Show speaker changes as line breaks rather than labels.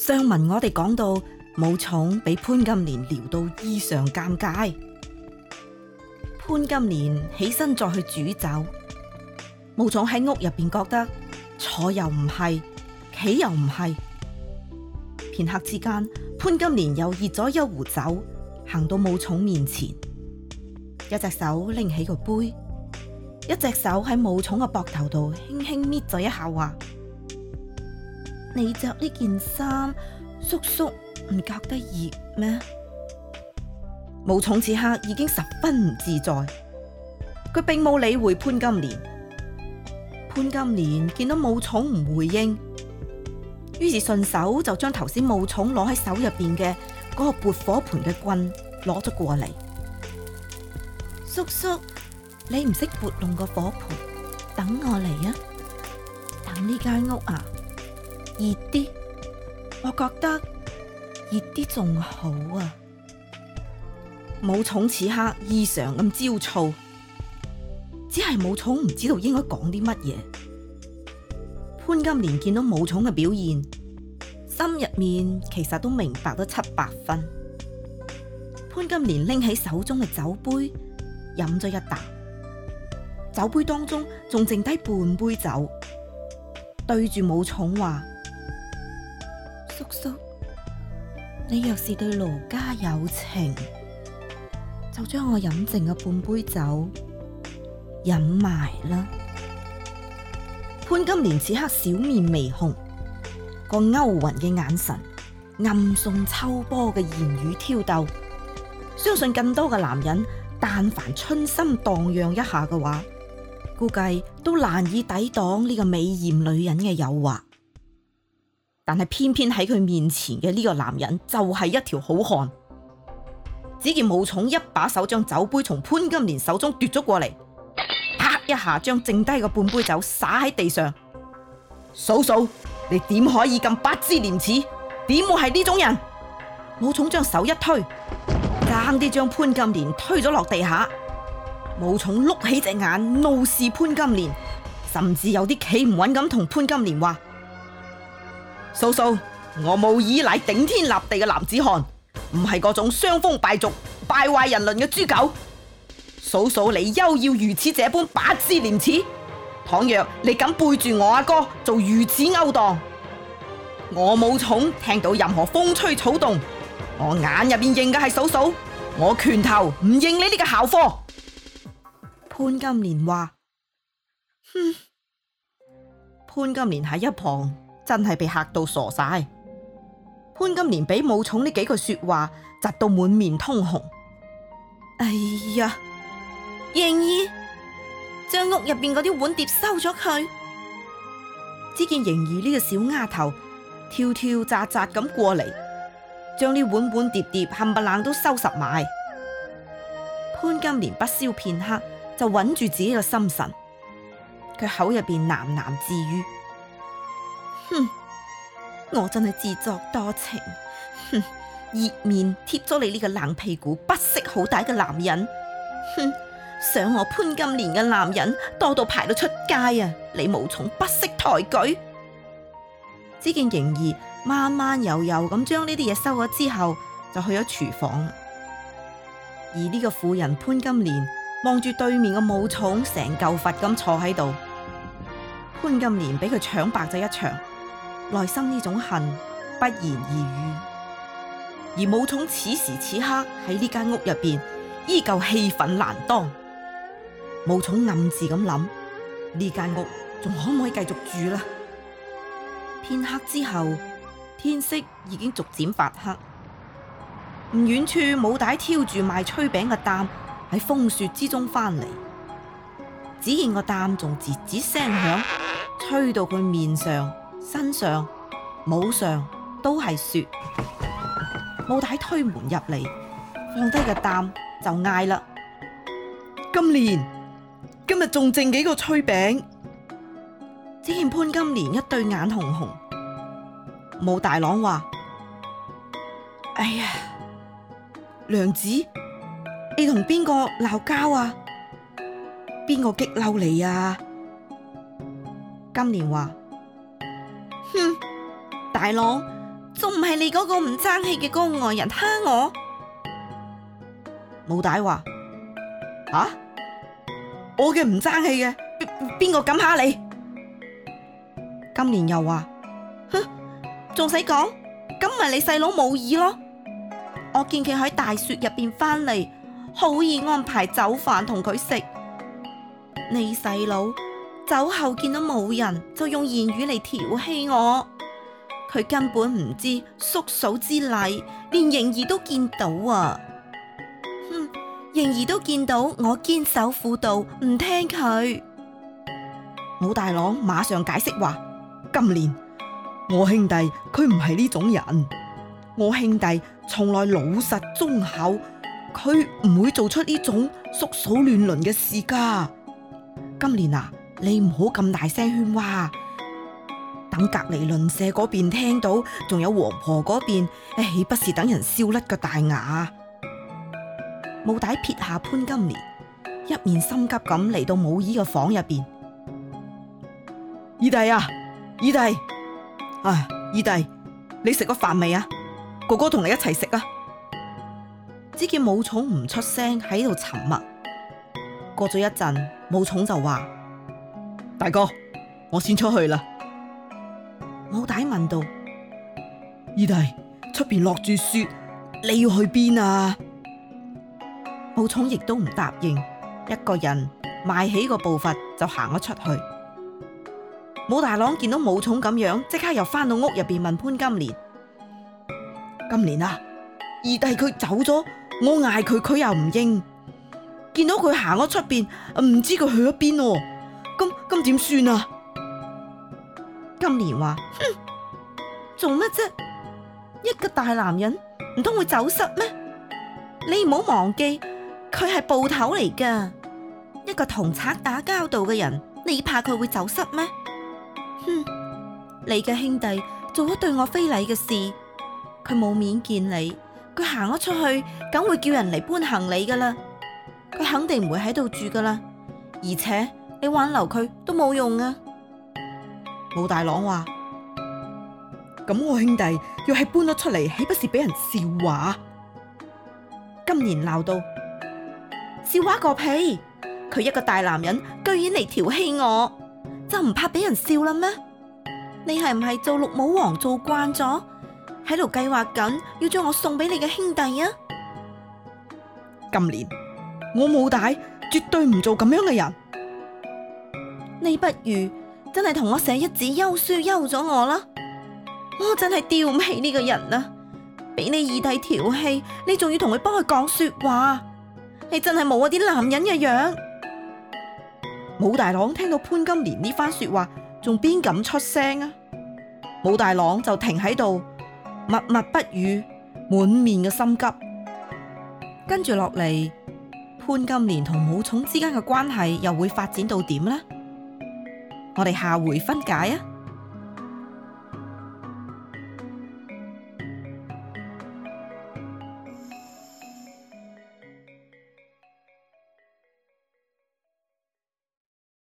上文我哋講到，武松俾潘金蓮撩到異常尷尬，潘金蓮起身再去煮酒，武松喺屋入邊覺得坐又唔係，企又唔係。片刻之間，潘金蓮又熱咗一壺酒，行到武松面前，一隻手拎起個杯，一隻手喺武松嘅膊頭度輕輕搣咗一下話。你着呢件衫，叔叔唔覺得熱咩？武松此刻已經十分唔自在，佢並冇理會潘金蓮。潘金蓮見到武松唔回應，於是順手就將頭先武松攞喺手入邊嘅嗰個撥火盆嘅棍攞咗過嚟。叔叔，你唔識撥弄個火盆，等我嚟啊！等呢間屋啊！熱啲，我覺得熱啲仲好啊！武松此刻異常咁焦躁，只係武松唔知道應該講啲乜嘢。潘金蓮見到武松嘅表現，心入面其實都明白咗七八分。潘金蓮拎起手中嘅酒杯，飲咗一啖，酒杯當中仲剩低半杯酒，對住武松話。叔，叔，你若是對奴家有情，就將我飲剩嘅半杯酒飲埋啦。潘金蓮此刻小面微紅，個勾魂嘅眼神，暗送秋波嘅言語挑逗，相信更多嘅男人，但凡春心蕩漾一下嘅話，估計都難以抵擋呢個美艷女人嘅誘惑。但係偏偏喺佢面前嘅呢個男人就係一條好漢。只見武松一把手將酒杯從潘金蓮手中奪咗過嚟，啪一下將剩低嘅半杯酒灑喺地上。嫂嫂，你點可以咁不知廉恥？點會係呢種人？武松將手一推，爭啲將潘金蓮推咗落地下。武松碌起隻眼怒視潘金蓮，甚至有啲企唔穩咁同潘金蓮話。嫂嫂，我武二乃頂天立地嘅男子漢，唔係嗰種傷風敗俗、敗壞人倫嘅豬狗。嫂嫂，你休要如此這般不知廉恥？倘若你敢背住我阿哥做如此勾當，我武松聽到任何風吹草動，我眼入邊認嘅係嫂嫂，我拳頭唔認你呢個校科。潘金蓮話：哼，潘金蓮喺一旁。真係被嚇到傻晒！潘金蓮俾武松呢幾句說話，窒到滿面通紅。哎呀，盈兒，將屋入邊嗰啲碗碟收咗佢。只見盈兒呢個小丫頭跳跳扎紮咁過嚟，將啲碗碗碟碟冚唪唥都收拾埋。潘金蓮不消片刻就穩住自己嘅心神，佢口入邊喃喃自語。哼，我真係自作多情。哼，熱面貼咗你呢個冷屁股，不識好歹嘅男人。哼，想我潘金蓮嘅男人多到排到出街啊！你武松不識抬舉。只見盈兒慢慢悠悠咁將呢啲嘢收咗之後，就去咗廚房了。而呢個婦人潘金蓮望住對面嘅武松，成舊佛咁坐喺度。潘金蓮俾佢搶白咗一場。內心呢種恨不言而喻，而武松此時此刻喺呢間屋入邊，依舊氣憤難當。武松暗自咁諗：呢間屋仲可唔可以繼續住啦？片刻之後，天色已經逐漸發黑。唔遠處帶，武大挑住賣炊餅嘅擔喺風雪之中翻嚟，只見個擔仲吱吱聲響，吹到佢面上。身上、帽上都係雪，武大推門入嚟，放低個擔就嗌啦。今年今日仲剩幾個炊餅？只見潘金蓮一對眼紅紅，武大郎話：哎呀，娘子，你同邊個鬧交啊？邊個激嬲你啊？金蓮話。哼，大佬，仲唔係你嗰個唔爭氣嘅嗰個外人蝦我？武大話：啊？我嘅唔爭氣嘅，邊個敢蝦你？金蓮又話：哼、啊，仲使講？咁唔係你細佬冇意咯？我見佢喺大雪入邊翻嚟，好易安排酒飯同佢食，你細佬酒後見到冇人，就用言語嚟調戲我。佢根本唔知叔嫂之禮，連盈兒都見到啊！嗯、盈兒都見到我堅守婦道，唔聽佢。武大郎馬上解釋話：金蓮我兄弟佢唔係呢種人，我兄弟從來老實忠厚，佢唔會做出呢種叔嫂亂倫嘅事噶。金蓮啊！你唔好咁大聲喧嘩，等隔離鄰舍嗰邊聽到，仲有王婆嗰邊，豈不是等人笑甩個大牙？武大撇下潘金蓮，一面心急咁嚟到武二嘅房入邊。二弟啊，二弟，唉，二弟，你食過飯未啊？哥哥同你一齊食啊！只見武松唔出聲喺度沉默。過咗一陣，武松就話。大哥，我先出去啦。武大問道：二弟，出邊落住雪，你要去邊啊？武松亦都唔答應，一個人邁起個步伐就行咗出去。武大郎見到武松咁樣，即刻又翻到屋入邊問潘金蓮：金蓮啊，二弟佢走咗，我嗌佢，佢又唔應，見到佢行咗出邊，唔知佢去咗邊哦。咁咁點算啊？金蓮話：哼，做乜啫？一個大男人唔通會走失咩？你唔好忘記，佢係捕頭嚟噶，一個同賊打交道嘅人，你怕佢會走失咩？哼！你嘅兄弟做咗對我非禮嘅事，佢冇面見你，佢行咗出去，梗會叫人嚟搬行李噶啦，佢肯定唔會喺度住噶啦，而且，你挽留佢都冇用啊！武大郎話：咁我兄弟若係搬咗出嚟，豈不是俾人笑話？金蓮鬧到：笑話個屁！佢一個大男人，居然嚟調戲我，就唔怕俾人笑啦咩？你係唔係做六武王做慣咗，喺度計劃緊要將我送俾你嘅兄弟啊？金蓮，我武大絕對唔做咁樣嘅人。你不如真係同我寫一紙休書休咗我啦！我真係丟唔起呢個人啊！俾你二弟調戲，你仲要同佢幫佢講說話，你真係冇嗰啲男人嘅樣。武大郎聽到潘金蓮呢番說話，仲邊敢出聲啊？武大郎就停喺度，默默不語，滿面嘅心急。跟住落嚟，潘金蓮同武松之間嘅關係又會發展到點呢？我哋下回分解啊！